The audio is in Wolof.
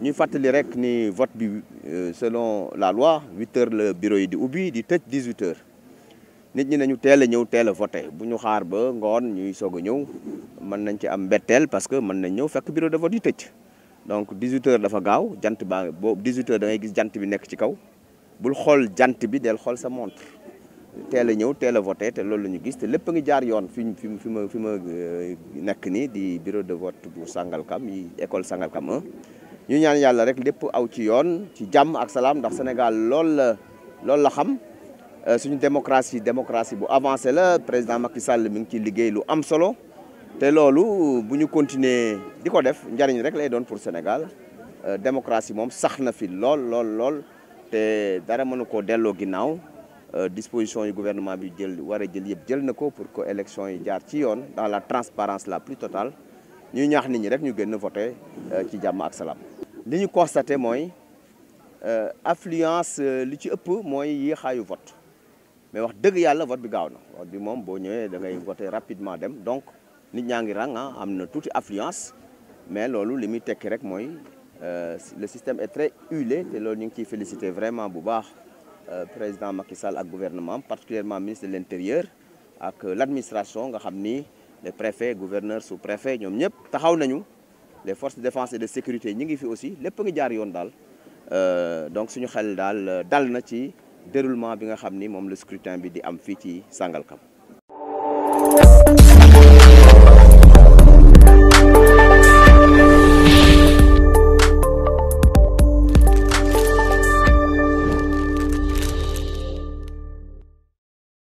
ñuy fàttali rek ni vote bi euh, selon la loi huit heures la bureau yi di ubbi di tëj dix huit heures nit ñi nañu teel a ñëw teel a voté bu ñu xaar ba ngoon ñuy soog a ñëw mën nañ ci am mbetteel parce que mën nañ ñëw fekk bureau de vote yi tëj donc dix huit heures dafa gaaw jant baa boobu dix huit heures da ngay gis jant bi nekk ci kaw bul xool jant bi del xool sa montre teel a ñëw teel a voté te loolu la ñu gis te lépp a ngi jaar yoon fi fi fi ma fi ma euh, nekk nii di bureau de vote bu Sangalkam yi école Sangalkam 1 ñu ñaan yàlla rek lépp aw ci yoon ci jàmm ak salaam ndax Sénégal lool la loolu la xam euh, suñu démocratie démocratie bu avancé la président Macky Sall mi ngi ciy liggéey lu am solo te loolu bu ñu continuer di ko def njariñ rek lay doon pour Sénégal euh, démocratie moom sax na fi lool lool lool te dara mënu koo delloo ginnaaw euh, disposition yu gouvernement bi jël war a jël yëpp jël na ko pour que élection yi jaar ci yoon dans la transparence la plus totale ñu ñaax nit ñi rek ñu gën a voté ci jàmm ak salaam constatons, ñu constaté mooy euh, affluence euh, li ci ëpp mooy le vote mais wax y a vote vote bi moom boo ñëwee da ngay voter rapidement dem donc nous avons toute rang ah, affluence mais ce li le euh, le système est très huilé Et loolu vraiment le président Macky Sall le gouvernement particulièrement le ministre de l'intérieur et l'administration les préfets, les préfets gouverneurs sous-préfets ñëpp taxaw les forces de défense et de sécurité ñi ngi fi aussi lepp ngi jaar yoon euh donc suñu xel Dal, euh, dal na ci déroulement bi nga xamni mom le scrutin bi di am fi ci Sangalkam